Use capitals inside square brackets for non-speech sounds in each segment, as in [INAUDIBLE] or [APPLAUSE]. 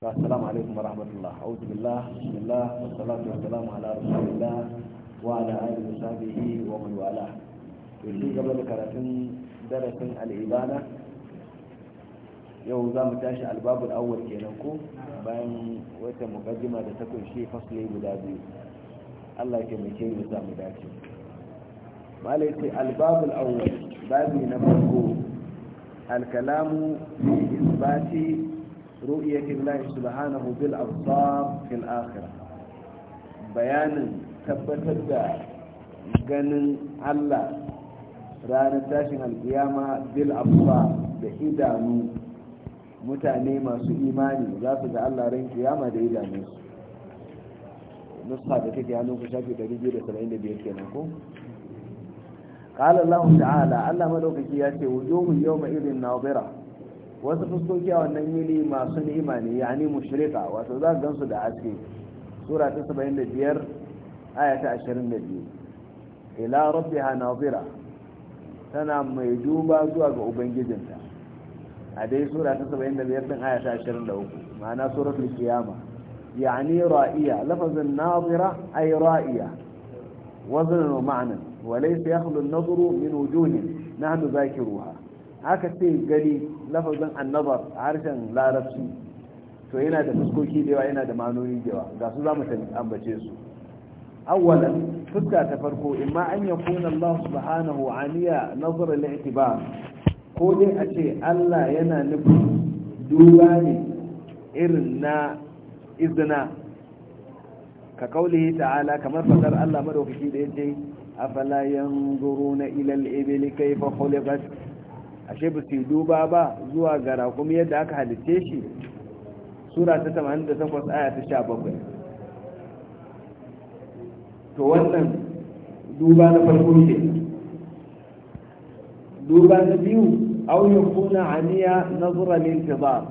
السلام عليكم ورحمة الله أعوذ بالله بسم الله والصلاة والسلام على رسول الله وعلى آله وصحبه ومن والاه قبل درس yau za tashi albabul kenan ko bayan wata mukaddima da ta kunshi fasli ke mai kiyaye za mu dace malai sai albabul na farko رؤية الله سبحانه بالأبصار في الآخرة بيان تبتد جن الله رانا تاشن القيامة بالأبصار بإدانو mutane masu imani za su ga Allah ran kiyama da idanu nusa da take hannun ku shafi 275 kenan ko qala Allah ta'ala Allah madaukaki ya ce wujuhu yawma idhin wasu fuskoki a wannan yini masu ni'ima ne yani mushrika wato za ka gansu da haske sura ta saba'in da 75 aya ta biyu, ila rabbi nazira tana mai duba zuwa ga ubangijinta a dai sura ta saba'in da 75 din aya ta uku, ma'ana kiyama, ya yani ra'iya lafazin nazira ai ra'iya waznan wa ma'nan وليس يخلو النظر من وجوه نحن ذاكروها aka ce gani lafazin annabar a harshen larabci to yana da fuskoki da yawa yana da manoni da yawa ga su za mu ambace su awwalan fuska ta farko imma an yakuna Allah subhanahu aniya nazar al-i'tibar ko dai a ce Allah yana nufin duba ne irin na izina ka kaulihi ta'ala kamar fadar Allah madaukaki da yace afala yanzuruna ila al-ibli kayfa khuliqat ashe ba su duba ba zuwa ga raƙumi yadda aka halitte shi sura ta 88 aya ta 17 to wannan duba na farko ke duba na biyu au kuna aniya nazara lintizar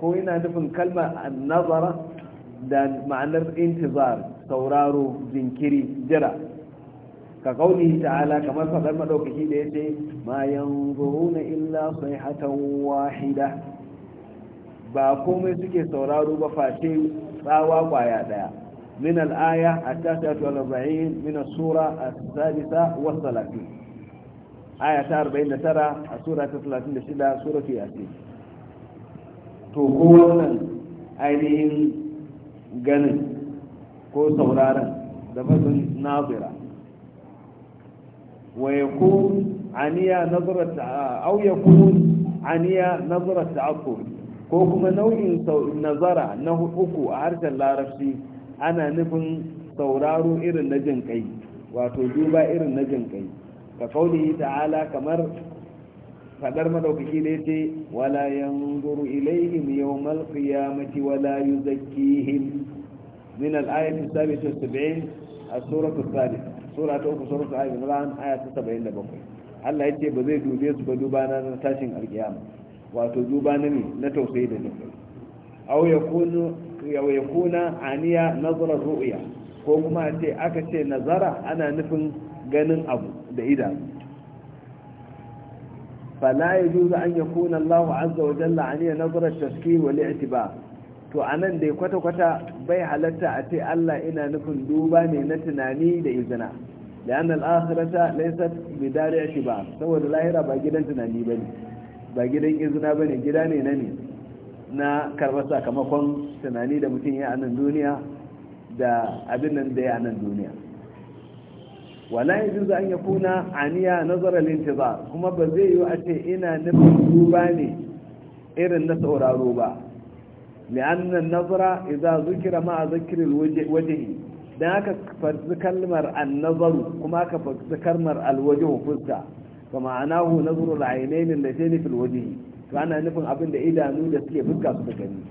ko ina nufin kalmar nazara da ma'anar intizar sauraro jinkiri jira ka kauni ta'ala kamar fadar madaukaki da ya yace ma yanzuruna illa sayhatan wahida ba komai suke sauraro ba face tsawa kwaya daya min al-aya at-tasi'atu wal min as-sura as-sadisa was-salatin aya ta 49 a sura ta 36 suratu yasin to ko wannan ainihin ganin ko sauraron da mazin nazira ويكون عنيا نظرة أو يكون عنيا نظرة تعقل كوكما نوعي نظرة نهو أكو أعرف اللارفسي أنا نفن sauraro irin na jin kai wato duba irin na jin kai ka kauli ta'ala kamar fadar madaukaki da yace wala yanzuru ilaihim yawmal qiyamati wala a suratu sadi sura ta uku suratu ali imran aya ta bakwai. Allah ya ce ba zai dube su ba duba na tashin alkiyama wato duba na ne na tausayi da nufi aw yakunu aw yakuna aniya nazara ru'ya ko kuma a ce aka ce nazara ana nufin ganin abu da idanu fala yajuzu an yakuna Allah azza wa jalla aniya nazara tashkil wal i'tibar to a nan dai kwata-kwata bai halatta a ce Allah ina nufin duba ne na tunani da izina da yana al'asirata laisat bidari shi ba saboda lahira ba gidan tunani ba ne ba gidan izina ba ne gida ne na ne na karɓar sakamakon tunani da mutum ya nan duniya da abin nan da ya nan duniya wala yanzu za an ya kuna aniya nazarar ba kuma ba zai yi a ce ina nufin duba ne irin na sauraro ba لأن النظر إذا ذكر مع ذكر الوجه ذاك فذكر النظر كما فذكر الوجه فزا فمعناه نظر العينين اللتين في الوجه فأنا نفهم أبن إذا نودة كي فزكا سبكني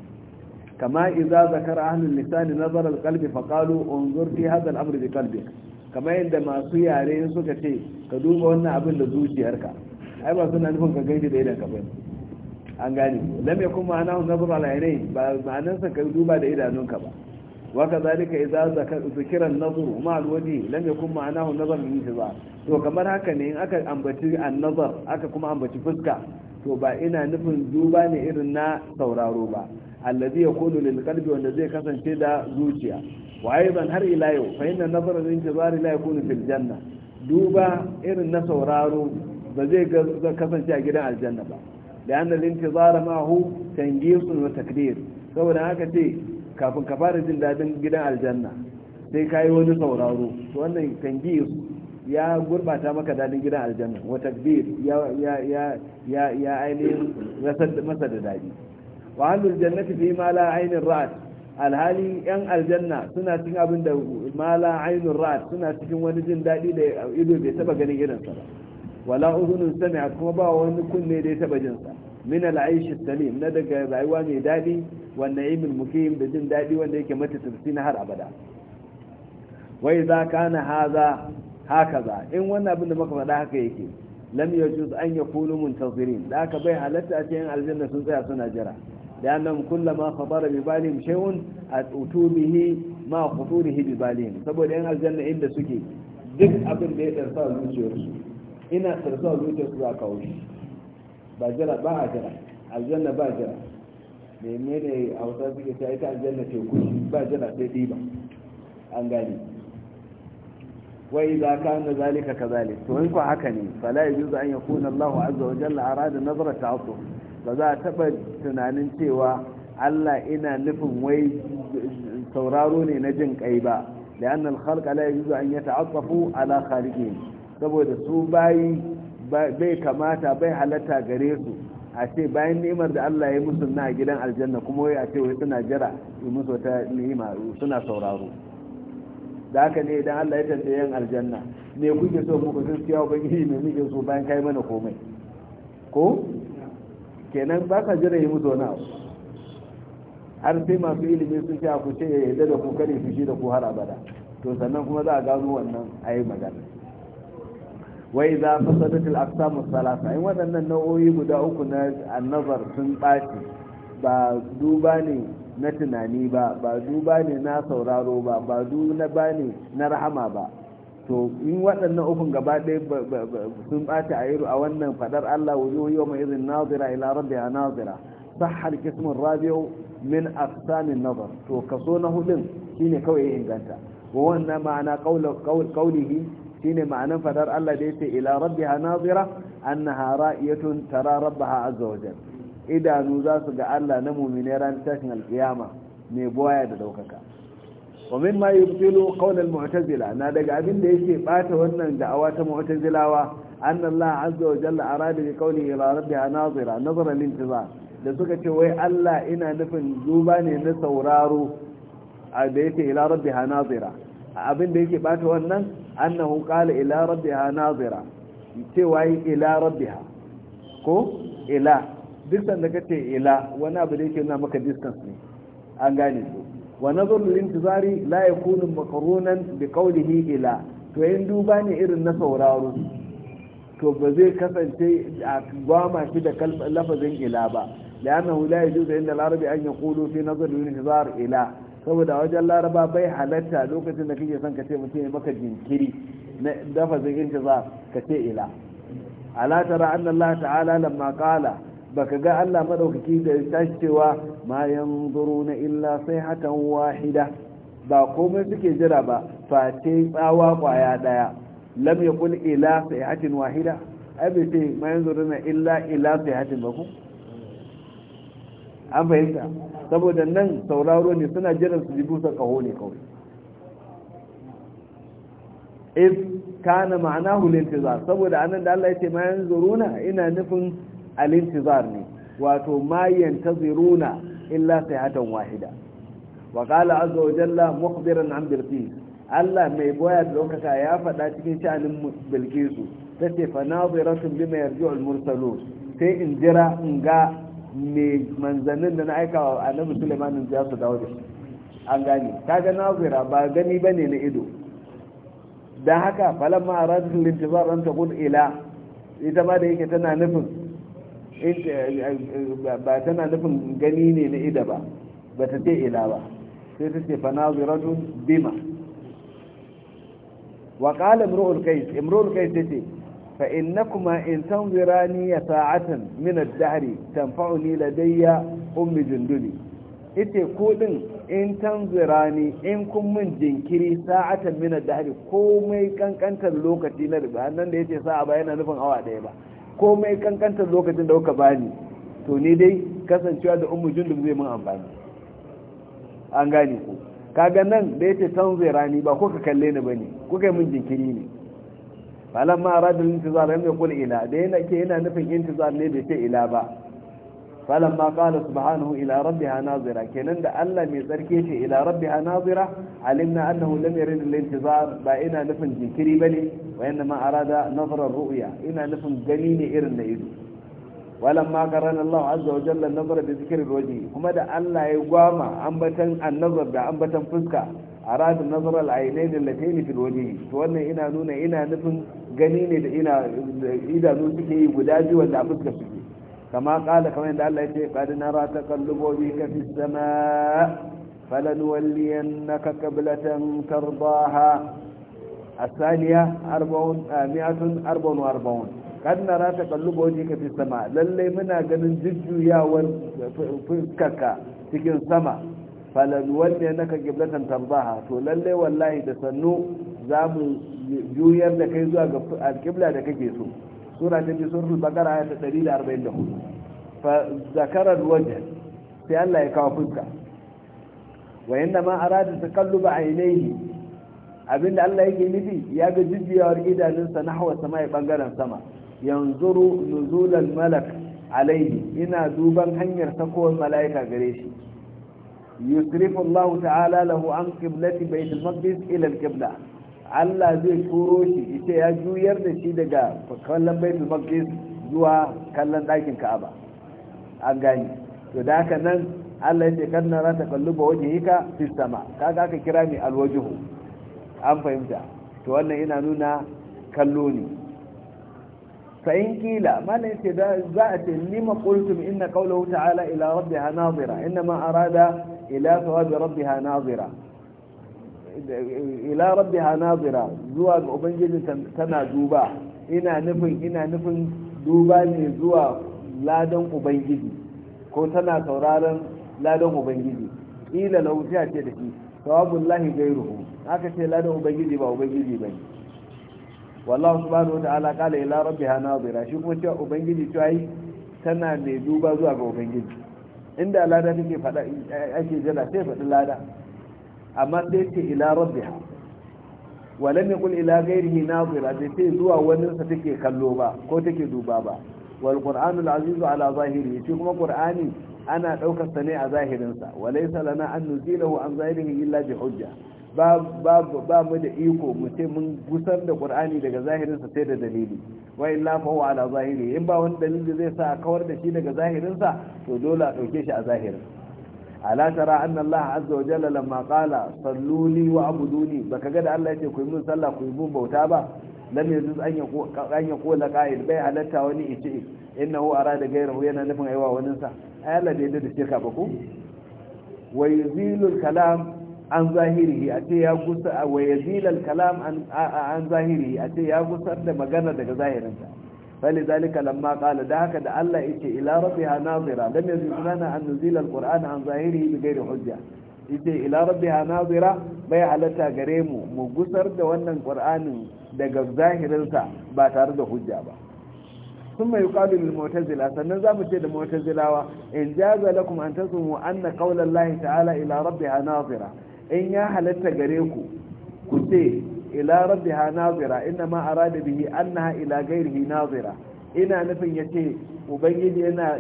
كما إذا ذكر أهل اللسان نظر القلب فقالوا انظر في هذا الأمر بقلبك كما عندما سيارين سكتي كدوب وانا أبن لزوجي أركا أيضا سنة نفهم كغير دينا كبير an gane lam yakun ma'anahu nazar ala ainai ba ma'anansa ka duba da idanunka ba wa kadhalika idza zikra an nazar ma al lam yakun ma'anahu nazar min intizar to kamar haka ne in aka ambaci an-nazar aka kuma ambaci fuska to ba ina nufin duba ne irin na sauraro ba alladhi yakunu lil-qalbi wanda zai kasance da zuciya wa aidan har ila yau fa inna nazara min intizar la yakunu fil janna duba irin na sauraro ba zai kasance a gidan aljanna ba da annal intizara ma'ahu tangisun wa saboda haka ce kafin ka fara jin dadin gidan aljanna sai kayi yi wani sauraro to wannan tangis ya gurbata maka dadin gidan aljanna wa ya ainihin masa da dadi wa jannati alhali yan aljanna suna cikin abin da ma la ainin suna cikin wani jin dadi da ido bai taɓa ganin irinsa ba wala uzunun a kuma ba wani kunne da ya taba jin sa min al'aishi salim na daga rayuwa mai daɗi wannan imin mukim da jin daɗi wanda yake mata tafsi na har abada wai za ka na haza haka za in wannan abin da muka faɗa haka yake lam yajuz an yakunu muntazirin da aka bai halatta a cikin aljanna sun tsaya suna jira da annam kullama khabara bi balihim shay'un atutu bihi ma khuturihi bi balihim saboda yan aljanna inda suke duk abin da ya tsarsa zuciyarsu ina sarzuwa zuciyar su za kawo shi ba jira ba a jira aljanna ba jira yi mene a wata suke ta ita aljanna ce kushi ba jira sai ba an gani wai za ka na zalika ka zali to in ko haka ne fala ya juzu an yakuna Allah azza wa jalla arada nazara ta'assu ba za a taba tunanin cewa Allah ina nufin wai sauraro ne na jin kai ba annal الخلق لا yuzu an يتعطفوا ala khaliqihi saboda su bayi bai kamata bai halatta gare su a ce bayan ni'imar da Allah ya musu na gidan aljanna kuma wai a ce wai suna jira yi musu ta ni'ima suna sauraro da haka ne idan Allah ya tantaye yan aljanna me kuke so muku sun kiyawa ubangiji me muke so bayan kai mana komai ko kenan ba ka jira yi musu na har sai masu ilimi sun ce ku ce ya yi da ku kare fushi da ku har abada to sannan kuma za a gano wannan a yi magana wai za fasadatul aqsamu salasa in waɗannan nau'o'i guda uku na annabar sun ɓaci ba duba ne na tunani ba ba duba ne na sauraro ba ba duba ne na rahama ba to in waɗannan ukun gaba ɗaya sun ɓaci a yiru a wannan faɗar Allah wujuhu mai izin nazira ila rabbiha nazira sahha al-qismu ar min a nazar to kaso na hudun shine kawai ya inganta wannan ma'ana kaulihi shine ma'anar fadar Allah da yace ila rabbiha nazira annaha ra'iyatun tara rabbaha azza wajal idanu za su ga Allah na mu'mine ran tashin alkiyama mai boya da daukaka wa mimma yubtilu qawl almu'tazila na daga abin da yake bata wannan da'awa ta mu'tazilawa anna azza wajalla arada bi qawli ila rabbiha nazira nazara lintizar da suka ce wai Allah ina nufin zuba ne na sauraro a da yake ila rabbiha nazira abin da yake bata wannan annahu qala ila rabbiha nazira cewa yi ila rabbiha ko ila duk sanda kace ila wani abu da yake na maka distance ne an gane su wa nazar lintizari la yakunu maqrunan bi qawlihi ila to in duba ne irin na sauraro to ba zai kasance a gwama shi da lafazin ila ba la'annahu la yajuzu inda al-arabi an yaqulu fi nazar lintizar ila saboda a wajen laraba bai halatta lokacin da kake son ka ce mutum ya maka jinkiri na dafa zikin za ka ce ila ala tara Allah ta'ala lamma qala baka ga Allah madaukaki da tashi cewa ma yanzuruna illa sayhatan wahida ba komai suke jira ba face tsawa kwaya daya lam yakul ila sayhatin wahida abi bai ma ma yanzuruna illa ila sayhatin ba ku an fahimta saboda nan sauraro ne suna jiran su ji busa kaho ne kawai if kana ma'ana hulintizar saboda anan da Allah ya ce mayan zuruna ina nufin alintizar ne wato mayan ta zuruna illa hatan wahida wa kala azza wa jalla mukhbiran an birti Allah mai boya da lokaka ya faɗa cikin sha'anin ta tace fa nadiratun bima yarji'u al-mursalun sai in jira in ga ne manzannin da na aika wa annabi sulaimanin ya su dawo da shi an gane ga nazira ba gani ba ne na ido don haka falamma aradatul intizar an kun ila ita ma da yake tana nufin eh, eh, ba tana nufin gani ne na ido ba ba ta ce ila ba sai ta ce fa tun bima wa qala imru'ul qais imru'ul ta ce in فإنكما إن تنظراني ساعة من الدهر تنفعني لدي أم جندلي ite kudin in tanzira ni in kun min jinkiri sa'atan min ad-dahr komai kankantar lokaci na riba nan da yace sa'a ba yana nufin awa daya ba komai kankantar lokacin da kuka bani to ni dai kasancewa da ummu jundub zai mun amfani an gane ku kaga nan da yace tanzira ni ba ka kalle ni bane ko kai min jinkiri ne falan ma arada intizar lam yaqul ila da yana ke yana nufin intizar ne bai ce ila ba falan ma qala subhanahu ila rabbiha nazira kenan da Allah mai tsarki ce ila rabbiha nazira alimna annahu lam yurid al-intizar ba ina nufin jinkiri bane wa yana ma arada nazara ru'ya ina nufin gani ne irin na ido ولما قرن الله عز وجل النظر kuma da allah ya الله gwama an النظر da انبتن fuska. arada nazar al'ainai da lataini fil waje to wannan ina nuna ina nufin gani ne da ina idanu suke yi guda biyu wanda a fuskar suke kama kala kamar yadda Allah ya ce qad nara taqallubobi ka fi samaa falanuwalliyannaka qiblatan tardaha الثانية مئة أربع وأربعون قد نرى تقلب وجهك في السماء للي منا قد نجد يا na ka qiblatan tambaha to lalle wallahi da sannu za mu juyar da kai zuwa ga alƙibla da kake so sura ta biyu suratul baqara ayat 144 fa zakara alwajh sai Allah ya kawo fuska wa inna ma arada taqalluba aynayhi abinda Allah yake nufi ya ga jijiyawar idanunsa nahwa sama bangaren sama yanzuru nuzulal malak alaihi ina duban hanyar sakowar mala'ika gare shi yusrifu Allah ta'ala lahu an qiblati baitul maqdis ila al-qibla Allah zai turo shi ita ya juyar da shi daga kallon baitul maqdis zuwa kallon ɗakin Ka'aba an gani to da haka nan Allah ya ce kan nara takalluba wajhika fi sama kaga aka kira ni alwajihu an fahimta to wannan yana nuna kallo ne فإن قيل ما ليس ذات لما قلتم إن قوله تعالى إلى ربها ناظرة إنما أراد ila sawabi rabbiha nazira ila rabbiha zuwa ga ubangiji tana duba ina nufin ina nufin duba ne zuwa ladan ubangiji ko tana sauraron ladan ubangiji ila lahu sai ce da shi sawabun lahi gairuhu aka ce ladan ubangiji ba ubangiji ba ne wallahu subhanahu wa ta'ala qala ila rabbiha nazira shi kuma cewa ubangiji cewa tana mai duba zuwa ga ubangiji inda lada take faɗa ake jira sai faɗi lada amma sai ce ila rabbiha wa lam yaqul ila ghayrihi nazira bai ce zuwa wannan sa take kallo ba ko take duba ba wal qur'anul azizu ala zahiri shi kuma qur'ani ana daukar sa ne a zahirin sa walaysa lana an nuzilahu an zahirihi illa bi hujja ba mu da iko mu ce mun gusar da qur'ani daga zahirinsa sai da dalili wa illa fa huwa ala zahiri in ba wani dalili zai sa kawar da shi daga zahirinsa to dole a dauke shi a zahirin ala tara anna allah azza wa jalla lamma qala salluli wa abuduni baka ga da allah yace ku mun sallah ku yi bauta ba lam yajuz an yaqul an yaqul qa'il bai halatta wani yace innahu arada ghayrahu yana nufin aiwa wani sa ayalla da yadda da shirka ba ku wa yuzilul kalam an zahiri a ce ya gusa wa yazilal kalam an zahiri a ce ya gusar da magana daga zahirinta fali zalika lamma qala da haka da Allah yace ila rabbiha nazira lam yazilana an nuzila alquran an zahiri bi ghairi hujja yace ila rabbiha nazira bai gare mu mu gusar da wannan qur'anin daga zahirinsa ba tare da hujja ba ثم يقال للمعتزلة سننزام الشيء المعتزلة إن جاز لكم أن تسموا أن قول الله تعالى إلى ربها ناظرة in ya halatta gare ku ku ce ila rabbiha nazira inna ma arada bihi annaha ila ghairihi nazira ina nufin yace ubangiji yana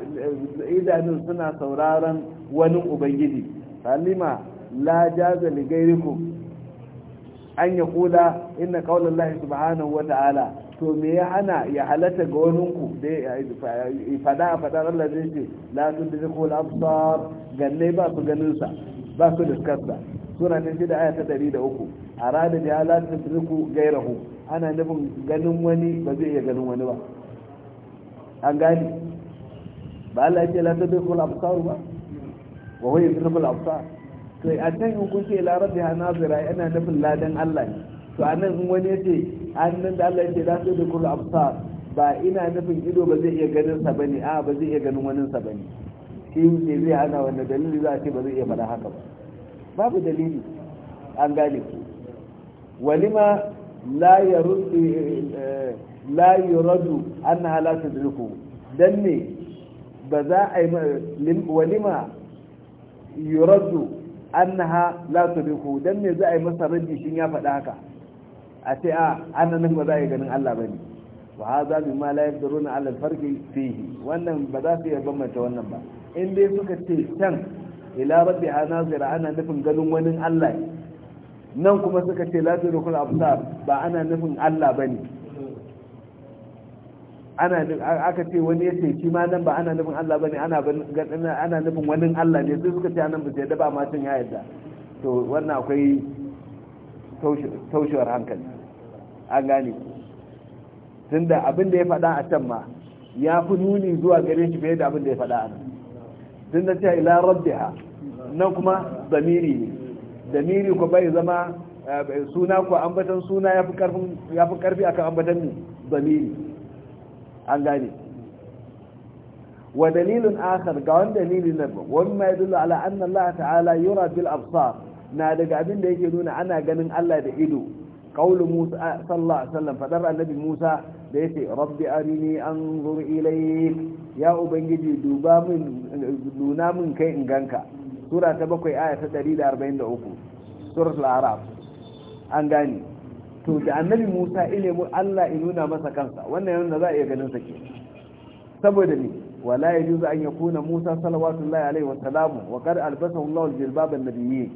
idanun suna sauraron wani ubangiji salima la jaza li ghairikum an ya kula inna qawla allahi subhanahu wa ta'ala to me ya hana ya halatta ga waninku da fada a fadar Allah zai ce la tudriku absar ganne ba su ganin sa ba su diskarsa suna nan shida aya ta ɗari da uku a rada da ala ta gaira hu ana nufin ganin wani ba zai iya ganin wani ba an gani ba Allah ya ce la tadriku al absar ba wa huwa yadriku al absar to a can in kun ce la rabbi zira, yana nufin ladan Allah ne to anan in wani yace an nan da Allah ya ce la tadriku al absar ba ina nufin ido ba zai iya ganin sa bane a ba zai iya ganin wani sa bane shi ne zai hana wannan dalili za a ce ba zai iya faɗa haka ba babu dalili an gane ku walima la yaruddu eh, la yuradu annaha la tudriku dan ne ba za a yi walima yuraddu annaha la tudriku dan ne za a yi masa rabi shin ya faɗa haka a ce a ah, annanin ba za a yi ganin Allah ne wa mu mimma la yaqdiruna ala al-farqi fihi wannan ba za su yi bambanta wannan ba in dai suka ce can ila rabbi hanazira ana nufin ganin wani Allah nan kuma suka ce la tudrikul absar ba ana nufin Allah bane ana aka ce wani ya ce shi ma nan ba ana nufin Allah bane ana ana nufin wani Allah ne sai suka ce anan ba sai da ba ma tun ya yarda to wannan akwai taushewar hankali an gane tunda abin da ya faɗa a can ma ya fi nuni zuwa gare shi fiye da abin da ya faɗa a nan tunda cewa ila rabbiha nan kuma zamiri ne zamiri ku bai zama eh, suna ku ambatan suna ya fi karfi akan ambatan ne zamiri an gane wa dalilin akhar ga wani dalilin na ba wani ma yadullu ala anna Allah ta'ala yura bil absar na daga abin da yake nuna ana ganin Allah da ido قول musa sallallahu alaihi wasallam fadar annabi musa da yake rabbi arini an zuru ilayk ya ubangiji duba min nuna min kai in ganka sura ta bakwai aya ta 143 surat al arab an gani to da annabi musa mu allah in nuna masa kansa wannan yanzu za a iya ganin sa ke saboda ne wala ya juzu an yakuna musa salawatullahi alaihi wasalam wa qad albasa, allah al-jilbab an-nabiyyi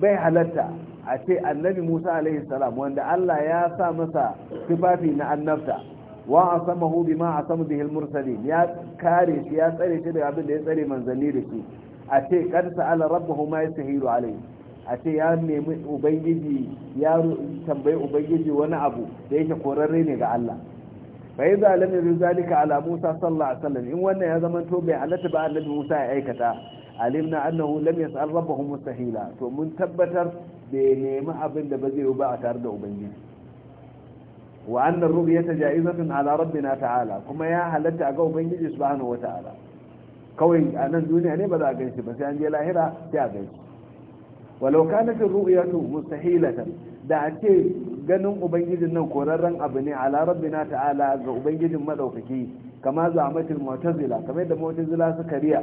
bai halatta a ce annabi musa alaihi salam wanda allah ya sa masa tufafi na annabta wa asamahu bima asama bihi al-mursalin ya kare shi ya tsare shi da abin da ya tsare manzanni da shi a ce kan ala rabbahu ma yastahiru alayhi a ce ya nemi ubangiji ya tambayi ubangiji wani abu da yake korarre ne ga Allah fa idza lam yuzalika zalika ala musa sallallahu alaihi wasallam in wannan ya zama to bai halatta ba annabi musa ya aikata alimna annahu lam yas'al rabbahu mustahila to mun tabbatar bai nemi abin da ba zai ba a tare da ubangiji wa annar ru'yata ja'izatun ala rabbina ta'ala kuma ya halatta ga ubangiji subhanahu wata'ala kawai a nan duniya ne ba za a shi ba sai an je lahira sai a shi walau kanat ru'yatu mustahilatan da a ce ganin ubangijin nan korarren abu ne ala rabbina ta'ala ga ubangijin madaukaki kama za'amatul mu'tazila kamar yadda mu'tazila suka riya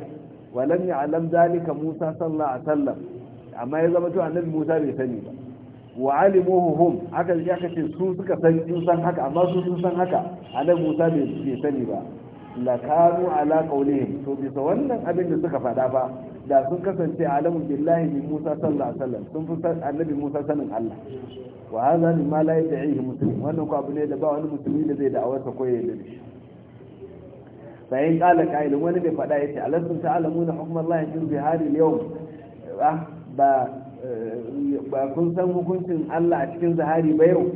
walam ya'lam zalika musa sallallahu alaihi wasallam amma ya zama to annabi musa bai sani ba wa alimuhu hum haka ya kace su suka san sun san haka amma su sun san haka annabi musa bai sani ba lakanu ala qaulihim to bisa wannan abin da suka faɗa ba da sun kasance alamu billahi min Musa sallallahu alaihi wasallam sun fi annabi Musa sanin Allah wa hadha ma la yad'ihi muslim wannan ko abu ne da ba wani musulmi da zai da'awar sa yayin da shi sai kala kailin wani bai faɗa yace alasun ta'lamuna hukmallahi fi bihari al-yawm ba ba kun san hukuncin Allah a cikin zahari ba yau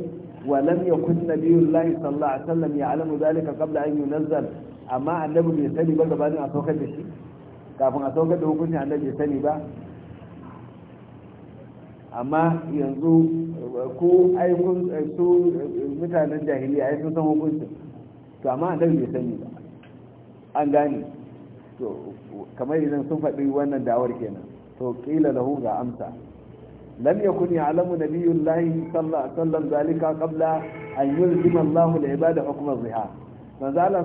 ولم يكن نبي الله صلى الله عليه وسلم يعلم ذلك قبل أن ينزل amma annabi bai sani ba gabanin a saukar da shi kafin a saukar da hukuncin annabi bai sani ba amma yanzu ko aikun su mutanen jahiliya ya sun san hukuncin to amma annabi bai sani ba an gane to kamar idan sun faɗi wannan da'awar kenan to kila lahu ga amsa lam yakun ya'lamu nabiyullahi sallallahu alaihi wasallam zalika qabla an yulzima Allahu al-ibada hukm az-zihar manzo Allah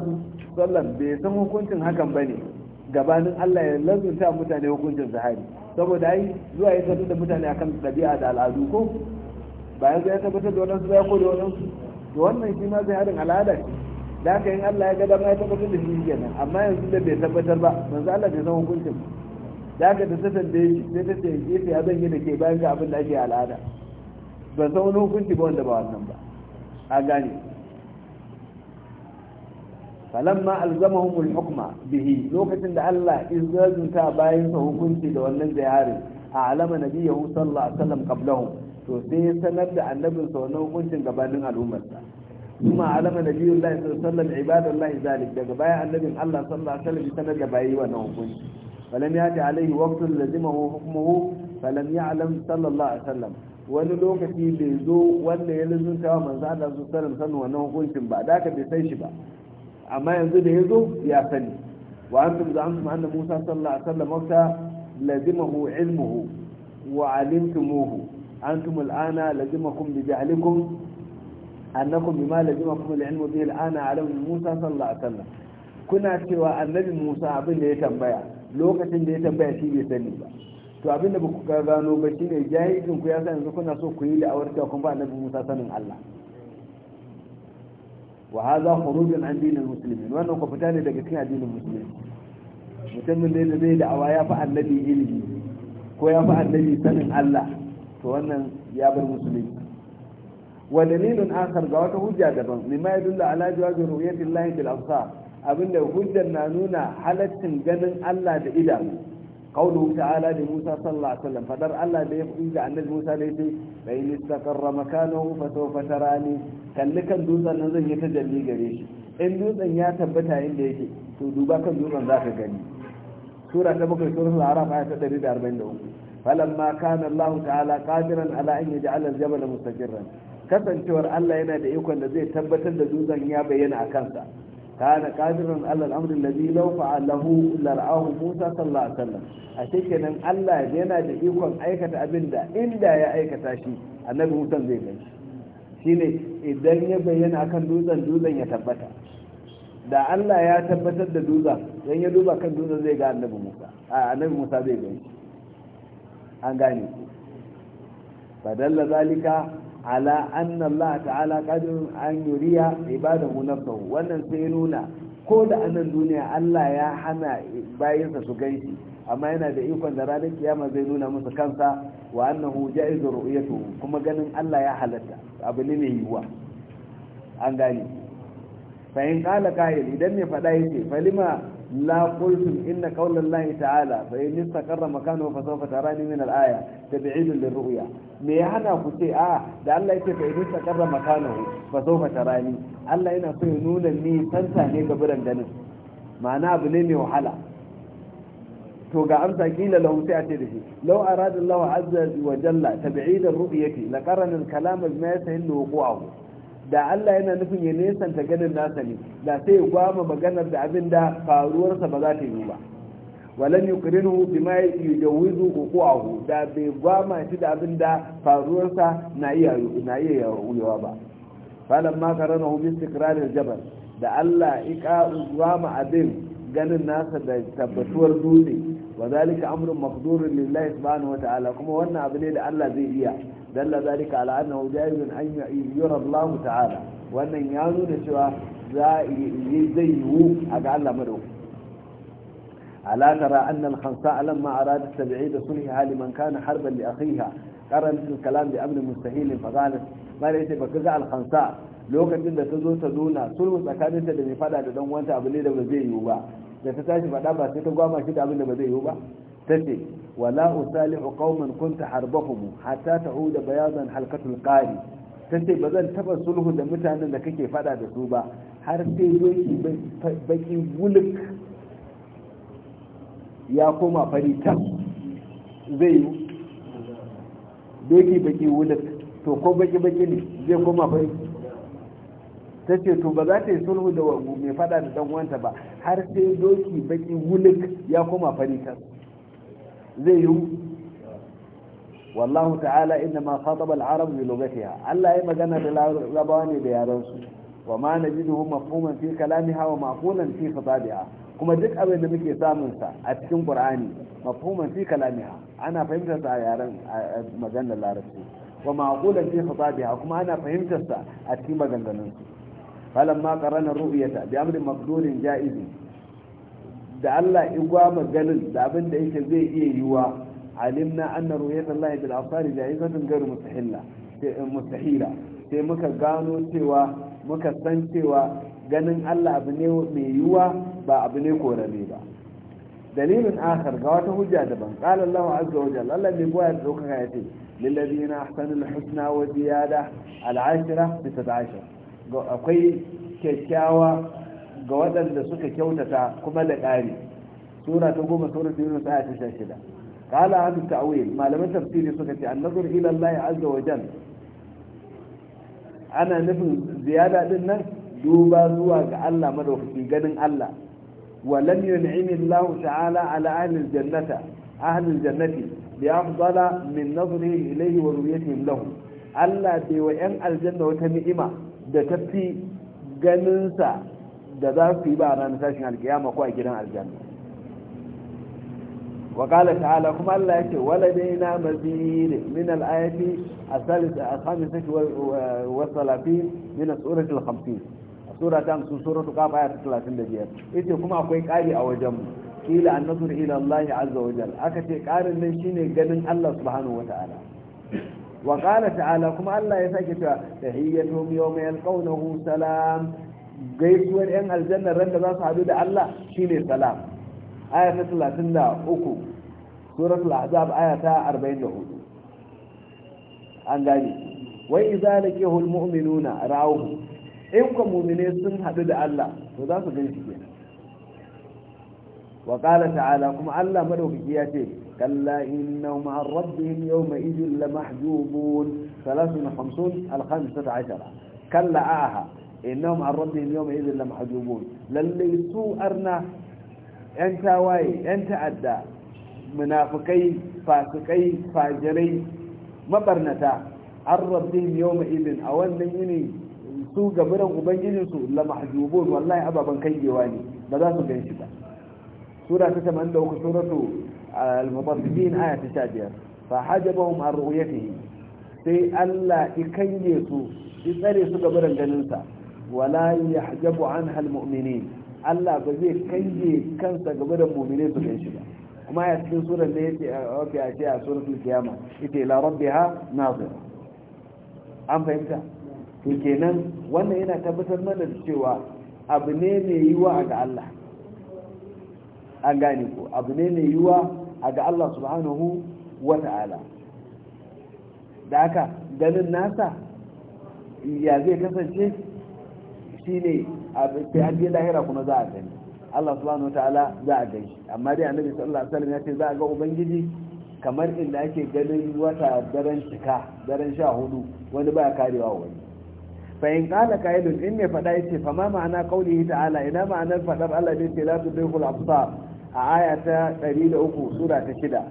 sallam bai san hukuncin hakan ba ne gabanin Allah ya lazunta mutane hukuncin zahari saboda ai zuwa ya tattu da mutane akan ɗabi'a da al'adu ko bayan zai tabbatar da su zai ko da to wannan shi ma zai harin al'ada ne. da haka yin Allah ya ga dama ya tabbatar da shi kenan amma yanzu da bai tabbatar ba manzo Allah bai san hukuncin da haka da ta da yake sai ta ce gefe ya zan yi da ke bayan ga abin da ake al'ada ban san wani hukunci ba wanda ba wannan ba a gane falamma alzamahum alhukma bihi lokacin da Allah izzazunta bayan sa hukunci da wannan ziyarin a alama nabiyahu sallallahu alaihi wasallam qablahum to sanar da annabin sa wannan hukuncin gabanin al'ummarsa kuma alama nabiyullahi sallallahu alaihi wasallam daga bayan annabin Allah sallallahu alaihi wasallam sanar da bayi wannan hukunci falam yati alaihi waqtun lazimahu hukmuhu falam ya'lam sallallahu alaihi wani lokaci bai zo wanda ya lizunta wa manzo Allah sallallahu alaihi wasallam wannan hukuncin ba da ka bai sai shi ba amma yanzu da ya zo ya sani wa antum za'amtum anna musa sallallahu alaihi wasallam wata lazimahu ilmuhu wa alimtumuhu antum al'ana lazimakum bi jahlikum annakum bima lazimakum al'ilmu bi al'ana ala musa sallallahu alaihi wasallam kuna cewa annabi musa abin da ya tambaya lokacin da ya tambaya shi bai sani ba to abin da ba ku gano ba shine jahilin ku ya sani yanzu kuna so ku yi da cewa kun ba annabi musa sanin Allah wa hadha khurujun an muslimin wannan ku fita ne daga cikin addinin musulmi mutumin ne da zai ya fi annabi ilimi ko ya fi annabi sanin Allah to wannan ya bar musulmi wa dalilun akhar ga wata hujja daban mimma yadullu ala jawazi ru'yati Allah bil absar abinda hujjar na nuna halaccin ganin Allah da idanu قوله تعالى لموسى صلى الله عليه وسلم فدر الله بيقول عن موسى ليتي فإن استقر مكانه فسوف تراني كان لك دوزا نزل يتجلي قريش إن دوزا يتبتها إن ليتي تودوبا كان دوزا ذاك قريش سورة تبقى سورة العراف آية 142 فلما كان الله تعالى قادرا على أن يجعل الجبل مستقرا kasancewar Allah yana da ikon da zai tabbatar da dutsen ya bayyana a kansa kana kadirin allah al-amr alladhi law fa'alahu lar'ahu Musa sallallahu alaihi wasallam a cikin Allah yana da ikon aikata abinda inda ya aikata shi annabi Musa zai gani shine idan ya bayyana akan dutsen dutsen ya tabbata da Allah ya tabbatar da dutsen dan ya duba kan dutsen zai ga annabi Musa a annabi Musa zai gani an gane fadalla zalika ala anna Allah ta'ala qadir an yuriya ibadahu nafsahu wannan sai ya nuna ko da anan duniya Allah ya hana bayinsa su gaiti amma yana da ikon da ranar kiyama zai nuna musu kansa wa annahu ja'izu ru'yatu kuma ganin Allah ya halatta abu ne mai yiwuwa an gane fa in qala idan ne fada yace falima لا قلتم إن قول الله تعالى فإن استقر مكانه فسوف تراني من الآية تبعيد للرؤيا ميهانا كتي آه ده الله يتي فإن استقر مكانه فسوف تراني الله إنا سينون المي سنساني قبرا دنس معناه بنيمي وحلا to ga amsa kila lahu sai a ce da shi law arada Allah azza wa jalla tab'id ar-ru'yati la qarana al-kalama bima yastahillu wuqu'ahu da Allah yana nufin ya nesanta ganin nasa ne da sai ya gwama maganar da abin da faruwarsa ba za ta yi ba walan yukrinu bima yujawizu uquahu da bai gwama shi da abin da faruwarsa na iya na iya yawa ba falan ma karanahu bi istiqrarir jabal da Allah ika gwama abin ganin nasa da tabbatuwar dole wa zalika amrun maqdurun lillahi subhanahu wa ta'ala kuma wannan abu ne da Allah zai iya dalla zalika ala annahu jayizun an yura Allah ta'ala wannan ya nuna cewa za yi zai yiwu a ga Allah mado ala tara anna al khamsa alam ma arada tab'id sulhi hali man kana harban li akhiha qarant al kalam bi amr mustahil fa qalat ma lokacin da ta zo ta nuna sulhu tsakaninta da mai fada da dan wanta abu ne da ba zai yiwu ba da ta tashi faɗa ba sai ta gwama shi da abin da ba zai yiwu ba ta ce wala usalihu qauman kunta harbahum hatta ta'uda bayadan halqatul qari ta ce ba zan taba sulhu da mutanen da kake faɗa da su ba har sai doki baki wuluk ya koma fari ta zai yi doki baki wuluk to ko baki baki ne zai koma fari ta ce to ba za ta yi sulhu da mai faɗa da dan wanta ba har sai doki baki wuluk ya koma fari kan zai yi wallahu ta'ala inna ma khataba al-arab bi lughatiha Allah ya magana da larabawa ne da yaran su wa ma najiduhu mafhuman fi kalamiha wa ma'qulan fi khitabiha kuma duk abin da muke samun sa a cikin qur'ani mafhuman fi kalamiha ana fahimtar sa a yaran maganar larabci wa ma'qulan fi khitabiha kuma ana fahimtar sa a cikin maganganun su falamma qarana ru'yata bi amrin maqdurin jaiz da Allah in gwama ganin da abin da yake zai iya yiwa alimna anna ru'yata Allah bil absar jaizatun ghairu mustahila eh, mustahila sai muka gano cewa muka san cewa ganin Allah abu ne mai yiwa ba abu ne korare ba dalilin akhar ga wata hujja daban qala Allah azza wa jalla Allah bai goya dauka ya ce lil ladina ahsanul husna wa ziyada al 10 bi 19 akwai kyakkyawa ga waɗanda suka kyautata kuma da ƙari sura ta goma sura ta yunus aya ta sha shida kala hadu ta'wil malaman tafsiri suka ce annazur ila Allah azza wa jal ana nufin ziyada din nan duba zuwa ga Allah madaukaki ganin Allah wa lam yun'imi Allah ta'ala ala ahli al ahli aljannati jannati bi afdala min nazrihi ilayhi wa ru'yatihim lahu Allah bai wa yan aljanna wata ni'ima da tafi ganin sa da za su yi ba a ranar tashin alkiyama ko a gidan aljanna wa kala ta'ala kuma Allah ya yake waladai na mazin min al-ayati as-salis as-khamis wa was-salafi min surat al-khamsin surat an suratu qaf ayat 35 ite kuma akwai kari a wajen mu kila an nazuru ila Allah azza wa aka ce karin nan shine ganin Allah subhanahu wa ta'ala wa ta'ala kuma Allah ya sake cewa tahiyyatuhum yawma yalqawnahu salam gaisuwar yan aljanna randa da za su hadu da Allah shine salam aya 33 suratul ahzab aya 44 an gane wa idza laqihu almu'minuna ra'awhu in kuma mu'mine sun haɗu da Allah to za su kenan wa qala ta'ala kuma Allah madaukaki ya ce kalla innahum an rabbihim yawma idhin lamahjubun 53 al-15 kalla aha innahum ma rabbihim yawma idhin lamahjubun lalle su arna yan tawaye yan ta'adda munafikai fasikai fajirai mabarnata an rabbihim yawma idhin a wannan yini su gaburan ubangijinsu la mahjubun wallahi ababan kangewa ne ba za su ganshi ba sura ta 83 suratu al-mutaffifin aya ta 15 fa hajabahum an ru'yatihi sai Allah ya kange su ya tsare su gaban ganin sa wala yahjabu anha al Allah ba zai kange kansa gaban mu'mine su ganshi ba kuma ya cikin surar ne yake wafi a ce a suratul kiyama ita ila rabbiha nazir an fahimta wannan yana tabbatar mana da cewa abu ne mai yiwa ga Allah an gane ko abu ne mai yiwuwa a ga Allah subhanahu wa ta'ala da haka ganin nasa ya zai kasance shi ne sai an je lahira kuma za a gani Allah subhanahu wa ta'ala za a gani amma dai annabi sallallahu alaihi wasallam ya ce za a ga ubangiji kamar inda ake ganin wata daren cika, daren sha hudu wani ba karewa wani fa'in kala kailun in ne faɗa yace fa ma ma'ana kauli ta'ala ina ma'anar faɗar Allah ne ce la tudrikul absar a aya ta 103 sura ta 6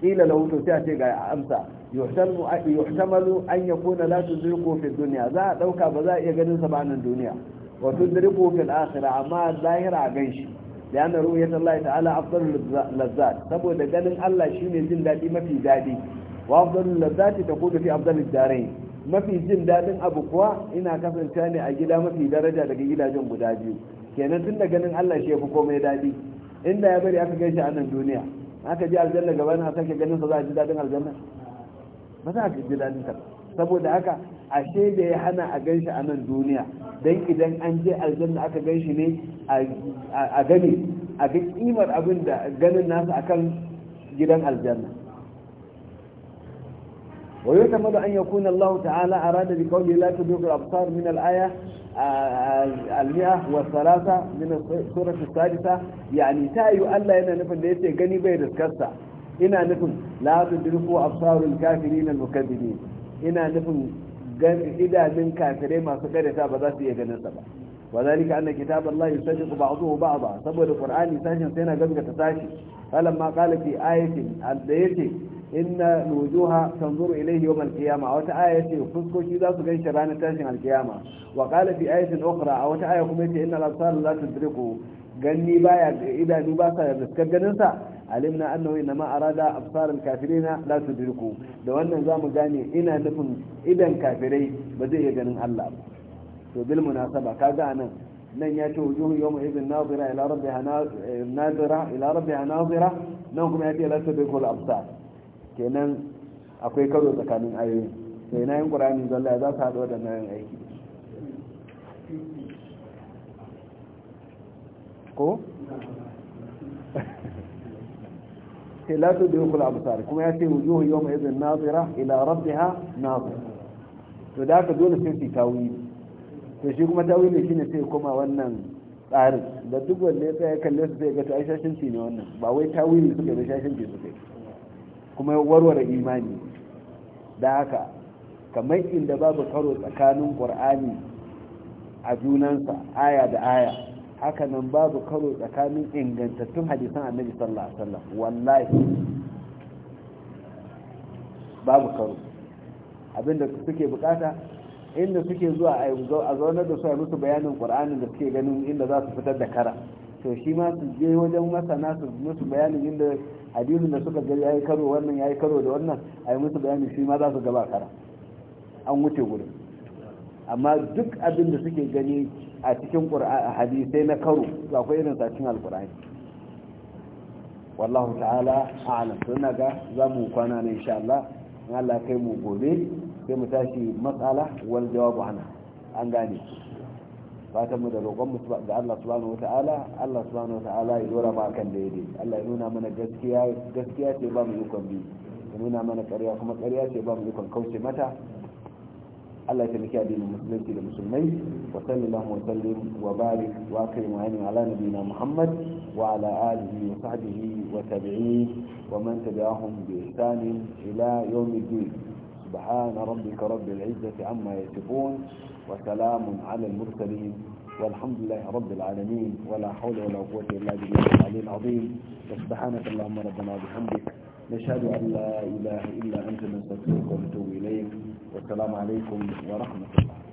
kila lahu sai a ce ga amsa yuhtamalu an yakuna la tudriku fi dunya za a dauka ba za a iya ganin sa ba nan duniya wa tudriku fi al-akhirah amma zahira gan shi da yana ruwayat Allah ta'ala afdalul lazzat saboda ganin Allah shine jin dadi mafi dadi wa afdalul lazzati takunu fi afdalid darain mafi jin dadin abu kuwa ina kasance ne a gida mafi daraja daga gidajen guda biyu kenan tun da ganin Allah shi yafi komai dadi inda ya bari aka gaishe a nan duniya aka ji aljanna gaba na sake ganin sa za a ji dadin aljanna ba za a ji dadin ta saboda haka ashe da ya hana a shi a nan duniya dan idan an je aljanna aka shi ne a gani a ga kimar abin da ganin nasa akan gidan aljanna ويعتمد أن يكون الله تعالى أراد بقوله لا تدرك الأبصار من الآية المئة والثلاثة من السورة الثالثة يعني تأيو ألا إنا نفن ليس يقني بيد كسا إنا نفن لا تدركوا أبصار الكافرين المكذبين إنا نفن إذا من كافرين ما سكر يتابع ذات يقني سبا وذلك أن كتاب الله يصدق بعضه بعضا سبب القرآن يساشن سينا قبل تساشي فلما قال في آية الديتي inna wujuha tanzuru ilayhi yawm al-qiyamah wata aya yace fuskoki za su ganshi ranar tashin al-qiyama wa qala fi ayatin ukhra a wata aya kuma yace innal absar la tudriku ganni baya idanu ba sa da riskar ganin sa alimna annahu inma arada absar al-kafirina la tudriku da wannan zamu gane ina nufin idan kafirai ba zai iya ganin Allah to bil munasaba kaga anan nan ya ce wujuhu yawma idhin nadira ila rabbiha eh, nadira ila rabbiha nadira nan kuma ya ce la tudriku al-absar kenan akwai karo tsakanin ayoyin sai na yin ƙura'ani zalla za su haɗu na yin aiki ko? sai [LAUGHS] eh, la su da yi kula abusari kuma ya ce wujuhu yau mai izin nazira ila ha nazira to da aka dole sai fi tawili to shi kuma shi shine sai koma wannan tsarin da duk wanda ya tsaye kalle su sai ga ta shashin ne wannan ba wai ne suka da shashin suka yi kuma ya warware imani da haka kamar inda babu karo tsakanin ƙur'ani a junansa aya da aya haka nan babu karo tsakanin ingantattun hadisan annabi sallallahu alaihi wasallam wallahi babu karo abinda suke bukata inda suke zuwa a zaunar da su a musu bayanin ƙur'anin da suke ganin inda za su fitar da kara to shi ma su je wajen masana su musu bayanin inda hadisin da suka gari yayi karo wannan yayi karo da wannan a musu bayanin shi ma za su gaba kara an wuce gurin amma duk abin da suke gani a cikin hadisai na karo ga akwai irin sa cikin alkur'ani wallahu ta'ala a'lam to naga ga za mu kwana ne insha Allah in Allah kai mu gobe sai mu tashi matsala wal jawabu ana an gane fatan mu da roƙon mu ga Allah subhanahu wata'ala Allah subhanahu wata'ala ya dora mu akan daidai Allah ya nuna mana gaskiya gaskiya ce ba mu yukon bi ya nuna mana ƙarya kuma ƙarya ce ba mu yukon kauce mata Allah ya taimaki addinin musulunci da musulmai wa sallallahu wa sallim wa barik wa akrim wa yani ala nabiyina Muhammad wa ala alihi wa sahbihi wa tabi'in ومن تبعهم بإحسان إلى يوم الدين سبحان ربك رب العزة عما يصفون وسلام على المرسلين والحمد لله رب العالمين ولا حول ولا قوة إلا بالله العلي العظيم سبحانك اللهم ربنا وبحمدك نشهد أن لا إله إلا أنت نستغفرك ونتوب إليك والسلام عليكم ورحمة الله